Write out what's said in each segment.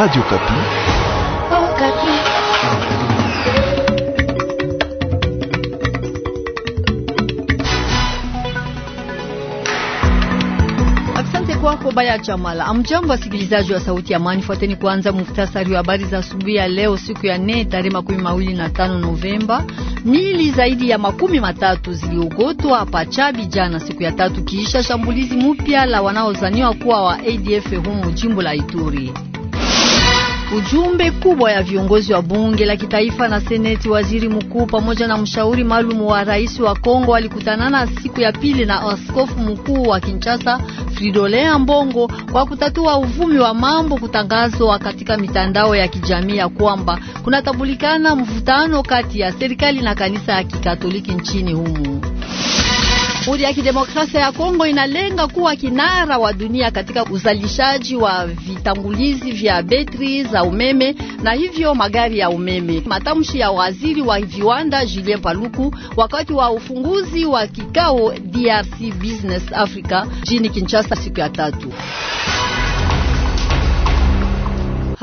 Radio Kapi. Oh, Kapi. Asante kwako Baya Chamala. Amjambo wasikilizaji wa Sauti ya Amani, fuateni kwanza muftasari wa habari za asubuhi ya leo, siku ya nne tarehe makumi mawili na tano Novemba. Mili zaidi ya makumi matatu ziliogotwa Pachabi jana siku ya tatu kiisha shambulizi mupya la wanaozaniwa kuwa wa ADF humo jimbo la Ituri. Ujumbe kubwa ya viongozi wa bunge la kitaifa na seneti, waziri mkuu pamoja na mshauri maalum wa rais wa Kongo walikutanana siku ya pili na askofu mkuu wa Kinshasa Fridolin Ambongo kwa kutatua uvumi wa mambo kutangazwa katika mitandao ya kijamii ya kwamba kunatambulikana mvutano kati ya serikali na kanisa ya Kikatoliki nchini humu. Jamhuri ya Kidemokrasia ya Kongo inalenga kuwa kinara wa dunia katika uzalishaji wa vitangulizi vya betri za umeme na hivyo magari ya umeme. Matamshi ya waziri wa viwanda Julien Paluku wakati wa ufunguzi wa kikao DRC Business Africa jini Kinshasa siku ya tatu.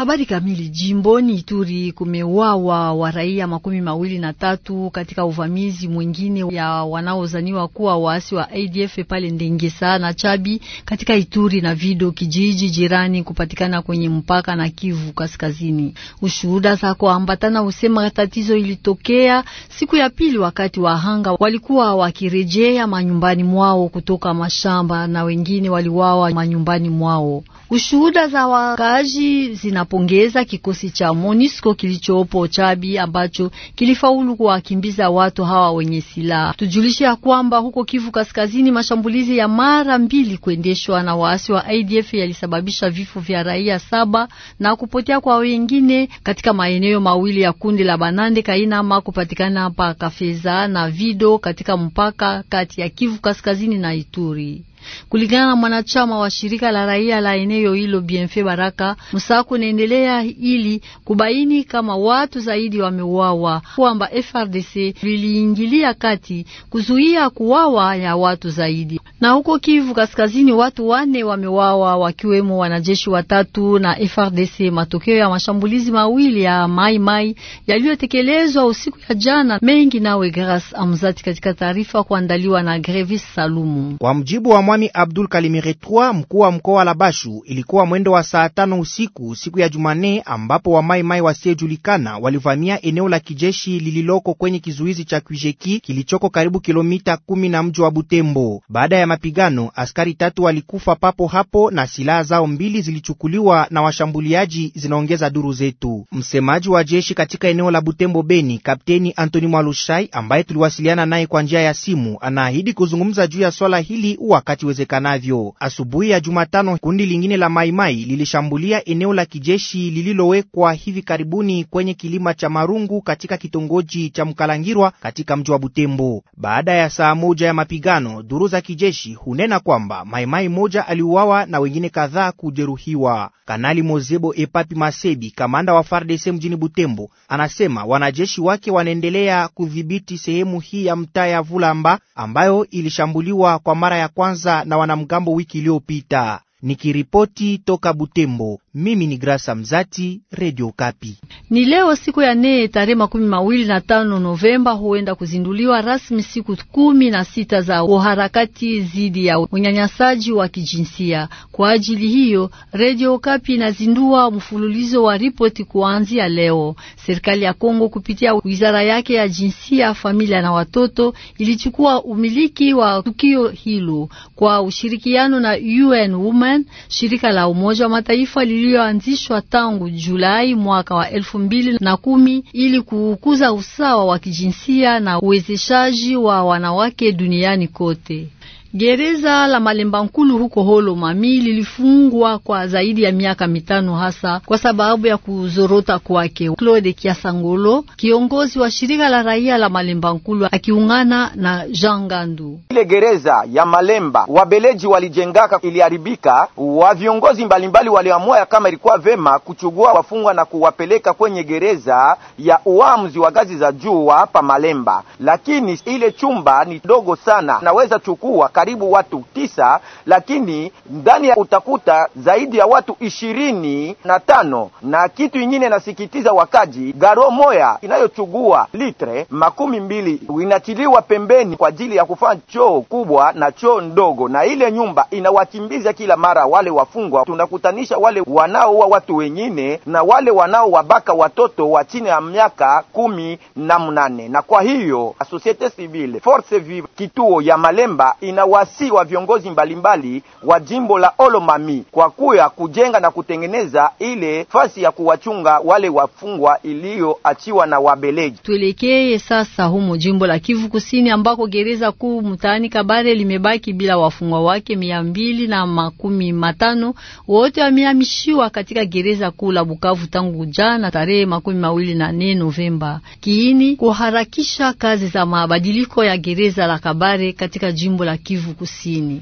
Habari kamili. Jimboni Ituri kumewawa wa raia makumi mawili na tatu katika uvamizi mwingine ya wanaozaniwa kuwa waasi wa ADF pale Ndengesa na Chabi katika Ituri na Vido, kijiji jirani kupatikana kwenye mpaka na Kivu Kaskazini. Ushuhuda za kuambatana husema tatizo ilitokea siku ya pili wakati wahanga walikuwa wakirejea manyumbani mwao kutoka mashamba na wengine waliwawa manyumbani mwao. Ushuhuda za wakaaji zinapongeza kikosi cha MONUSCO kilichopo Chabi ambacho kilifaulu kuwakimbiza watu hawa wenye silaha. Tujulishe ya kwamba huko Kivu Kaskazini mashambulizi ya mara mbili kuendeshwa na waasi wa ADF yalisababisha vifo vya raia saba na kupotea kwa wengine katika maeneo mawili ya kundi la Banande Kainama kupatikana pa Kafeza na Vido katika mpaka kati ya Kivu Kaskazini na Ituri. Kulingana na mwanachama wa shirika la raia la eneo hilo Bienfe Baraka, msako unaendelea ili kubaini kama watu zaidi wameuawa, kwamba FRDC liliingilia kati kuzuia kuwawa ya watu zaidi. Na huko Kivu Kaskazini, watu wanne wameuawa wakiwemo wanajeshi watatu na FRDC, matokeo ya mashambulizi mawili ya Mai Mai yaliyotekelezwa usiku ya jana. Mengi nawe Grace Amzati katika taarifa kuandaliwa na Grevis Salumu. Kwa mjibu wa Mwami Abdul Kalimiretwa, mkuu wa mkoa wa labashu ilikuwa mwendo wa saa tano usiku siku ya Jumane, ambapo wamaimai wasiyejulikana walivamia eneo la kijeshi lililoko kwenye kizuizi cha Kwijeki kilichoko karibu kilomita kumi na mji wa Butembo. Baada ya mapigano, askari tatu walikufa papo hapo na silaha zao mbili zilichukuliwa na washambuliaji, zinaongeza duru zetu. Msemaji wa jeshi katika eneo la Butembo Beni, Kapteni Antoni Mwalushai, ambaye tuliwasiliana naye kwa njia ya simu, anaahidi kuzungumza juu ya swala hili wakati wakati iwezekanavyo. Asubuhi ya Jumatano, kundi lingine la maimai lilishambulia eneo la kijeshi lililowekwa hivi karibuni kwenye kilima cha Marungu katika kitongoji cha Mkalangirwa katika mji wa Butembo. Baada ya saa moja ya mapigano, duru za kijeshi hunena kwamba maimai moja aliuawa na wengine kadhaa kujeruhiwa. Kanali Mozebo Epapi Masebi, kamanda wa FARDC mjini Butembo, anasema wanajeshi wake wanaendelea kudhibiti sehemu hii ya mtaa ya Vulamba ambayo ilishambuliwa kwa mara ya kwanza na wanamgambo wiki iliyopita. Nikiripoti toka Butembo, mimi ni Grasa Mzati, Radio Kapi. Ni leo siku ya nne tarehe makumi mawili na tano Novemba huenda kuzinduliwa rasmi siku kumi na sita za uharakati dhidi ya unyanyasaji wa kijinsia. Kwa ajili hiyo, Radio Kapi inazindua mfululizo wa ripoti kuanzia leo. Serikali ya Kongo kupitia wizara yake ya jinsia, familia na watoto ilichukua umiliki wa tukio hilo kwa ushirikiano na UN Women UN, shirika la Umoja wa Mataifa lililoanzishwa tangu Julai mwaka wa elfu mbili na kumi ili kukuza usawa wa kijinsia na uwezeshaji wa wanawake duniani kote. Gereza la Malemba Nkulu huko Holo Mami lilifungwa kwa zaidi ya miaka mitano hasa kwa sababu ya kuzorota kwake. Claude Kiasangolo, kiongozi wa shirika la raia la Malemba Nkulu, akiungana na Jean Gandu. Ile gereza ya Malemba wabeleji walijengaka iliharibika, wa viongozi mbalimbali waliamua kama ilikuwa vema kuchugua wafungwa na kuwapeleka kwenye gereza ya uamuzi wa ngazi za juu hapa Malemba, lakini ile chumba ni dogo sana, naweza chukua karibu watu tisa, lakini ndani utakuta zaidi ya watu ishirini na tano. Na kitu ingine nasikitiza, wakaji garo moya inayochugua litre makumi mbili inachiliwa pembeni kwa ajili ya kufanya choo kubwa na choo ndogo, na ile nyumba inawakimbiza kila mara wale wafungwa. Tunakutanisha wale wanaoua watu wengine na wale wanaowabaka watoto wa chini ya miaka kumi na mnane, na kwa hiyo societe civile force vive kituo ya Malemba ina wasi wa viongozi mbalimbali wa jimbo la Olomami kwa kuya kujenga na kutengeneza ile fasi ya kuwachunga wale wafungwa iliyoachiwa na Wabeleji. Tuelekee sasa humo jimbo la Kivu Kusini ambako gereza kuu mtaani Kabare limebaki bila wafungwa wake mia mbili na makumi matano wote wamehamishiwa katika gereza kuu la Bukavu tangu jana tarehe makumi mawili na nne Novemba. Kiini kuharakisha kazi za mabadiliko ya gereza la Kabare katika jimbo la Kivu Kivu Kusini.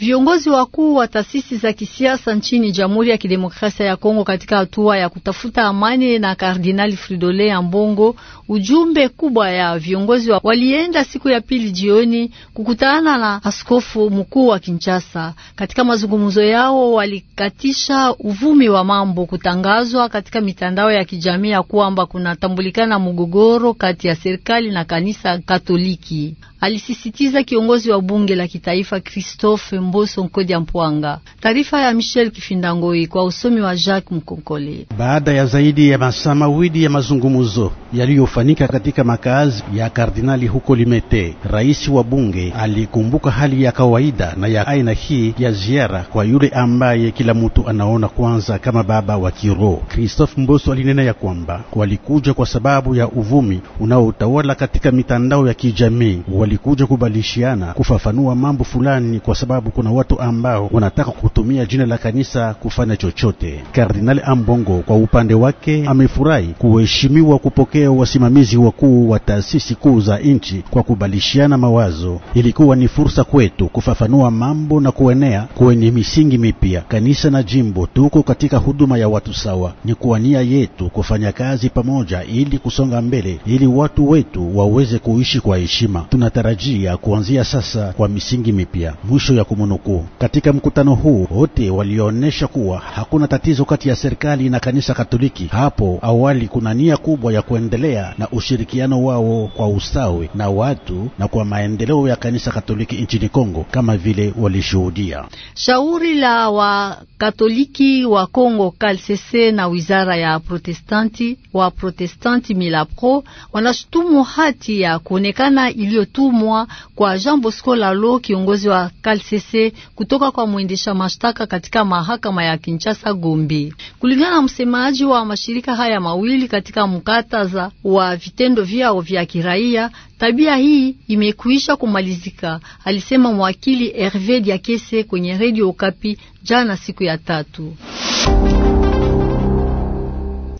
Viongozi wakuu wa taasisi za kisiasa nchini Jamhuri ya Kidemokrasia ya Kongo katika hatua ya kutafuta amani na Kardinali Fridolin Ambongo, ujumbe kubwa ya viongozi wa... walienda siku ya pili jioni kukutana na askofu mkuu wa Kinshasa. Katika mazungumzo yao walikatisha uvumi wa mambo kutangazwa katika mitandao ya kijamii ya kwamba kunatambulikana mgogoro kati ya serikali na kanisa Katoliki alisisitiza kiongozi wa bunge la kitaifa Christophe Mboso Nkodia Mpwanga. Taarifa ya Michel Kifindangoi kwa usomi wa Jacques Mkonkole. Baada ya zaidi ya masaa mawili ya mazungumzo yaliyofanyika katika makazi ya kardinali huko Limete, rais wa bunge alikumbuka hali ya kawaida na ya aina hii ya ziara kwa yule ambaye kila mtu anaona kwanza kama baba wa kiroho. Christophe Mboso alinena ya kwamba walikuja kwa sababu ya uvumi unaotawala katika mitandao ya kijamii walikuja kubalishiana kufafanua mambo fulani, kwa sababu kuna watu ambao wanataka kutumia jina la kanisa kufanya chochote. Kardinali Ambongo kwa upande wake amefurahi kuheshimiwa kupokea wasimamizi wakuu wa taasisi kuu za nchi kwa kubalishiana mawazo. Ilikuwa ni fursa kwetu kufafanua mambo na kuenea kwenye misingi mipya. Kanisa na jimbo tuko katika huduma ya watu sawa, ni kwa nia yetu kufanya kazi pamoja ili kusonga mbele, ili watu wetu waweze kuishi kwa heshima. Tunata wanatarajia kuanzia sasa kwa misingi mipya. Mwisho ya kumnukuu. Katika mkutano huu wote walionyesha kuwa hakuna tatizo kati ya serikali na kanisa Katoliki. Hapo awali kuna nia kubwa ya kuendelea na ushirikiano wao kwa ustawi na watu na kwa maendeleo ya kanisa Katoliki nchini Kongo kama vile walishuhudia. Shauri la Wakatoliki wa Kongo kalsese na wizara ya protestanti wa protestanti Milapro wanashutumu hati ya kuonekana iliyotu kutumwa kwa Jean Bosco Lalo, kiongozi wa Kalsese, kutoka kwa mwendesha mashtaka katika mahakama ya Kinshasa Gombe. Kulingana na msemaji wa mashirika haya mawili katika mkataza wa vitendo vyao vya kiraia, tabia hii imekwisha kumalizika, alisema mwakili Hervé Diakese kwenye Radio Okapi jana siku ya tatu.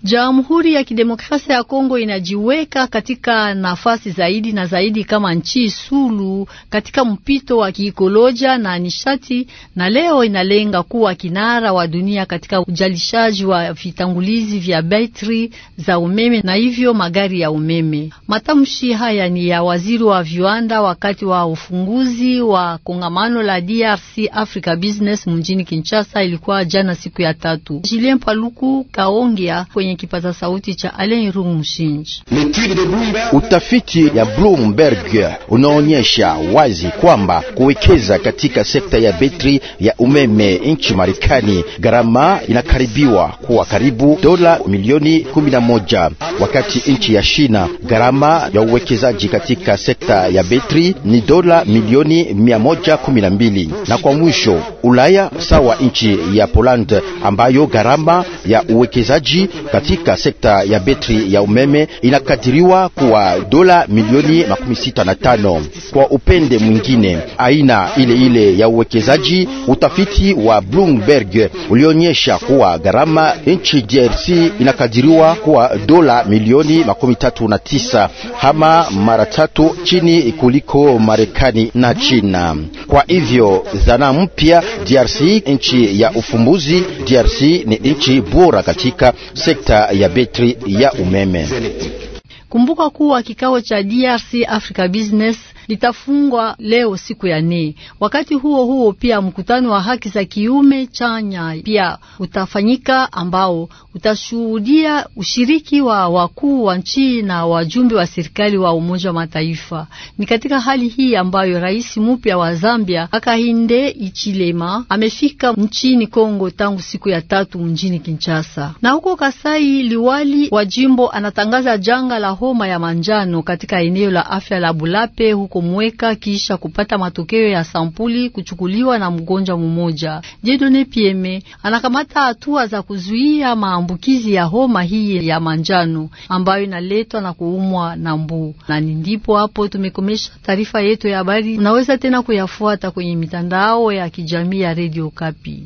Jamhuri ya Kidemokrasia ya Kongo inajiweka katika nafasi zaidi na zaidi kama nchi sulu katika mpito wa kiikolojia na nishati, na leo inalenga kuwa kinara wa dunia katika ujalishaji wa vitangulizi vya betri za umeme na hivyo magari ya umeme. Matamshi haya ni ya waziri wa viwanda wakati wa ufunguzi wa kongamano la DRC Africa Business mjini Kinshasa, ilikuwa jana siku ya tatu. Julien Paluku kaongea kwenye kwenye kipaza sauti cha Alain Rungu Mshinji. Utafiti ya Bloomberg unaonyesha wazi kwamba kuwekeza katika sekta ya betri ya umeme nchi Marekani, gharama inakaribiwa kuwa karibu dola milioni 11, wakati nchi ya China gharama ya uwekezaji katika sekta ya betri ni dola milioni 112. Na kwa mwisho Ulaya sawa nchi ya Poland ambayo gharama ya uwekezaji katika sekta ya betri ya umeme inakadiriwa kuwa dola milioni makumi sita na tano. Kwa upende mwingine, aina ile ile ya uwekezaji, utafiti wa Bloomberg ulionyesha kuwa gharama nchi DRC inakadiriwa kuwa dola milioni makumi tatu na tisa hama mara tatu chini kuliko Marekani na China. Kwa hivyo zana mpya DRC nchi ya ufumbuzi. DRC ni nchi bora katika sekta ya betri ya umeme. Kumbuka kuwa kikao cha DRC Africa Business litafungwa leo siku ya nne. Wakati huo huo, pia mkutano wa haki za kiume chanya pia utafanyika ambao utashuhudia ushiriki wa wakuu wa nchi na wajumbe wa serikali wa Umoja wa Mataifa. Ni katika hali hii ambayo rais mpya wa Zambia Hakainde Ichilema amefika nchini Kongo tangu siku ya tatu mjini Kinshasa. Na huko Kasai, liwali wa jimbo anatangaza janga la homa ya manjano katika eneo la afya la Bulape huko kumweka kisha kupata matokeo ya sampuli kuchukuliwa na mgonjwa mmoja. Jedone Pieme anakamata hatua za kuzuia maambukizi ya homa hii ya manjano ambayo inaletwa na kuumwa na mbu. Na ndipo hapo tumekomesha taarifa yetu ya habari. Unaweza tena kuyafuata kwenye mitandao ya kijamii ya Radio Kapi.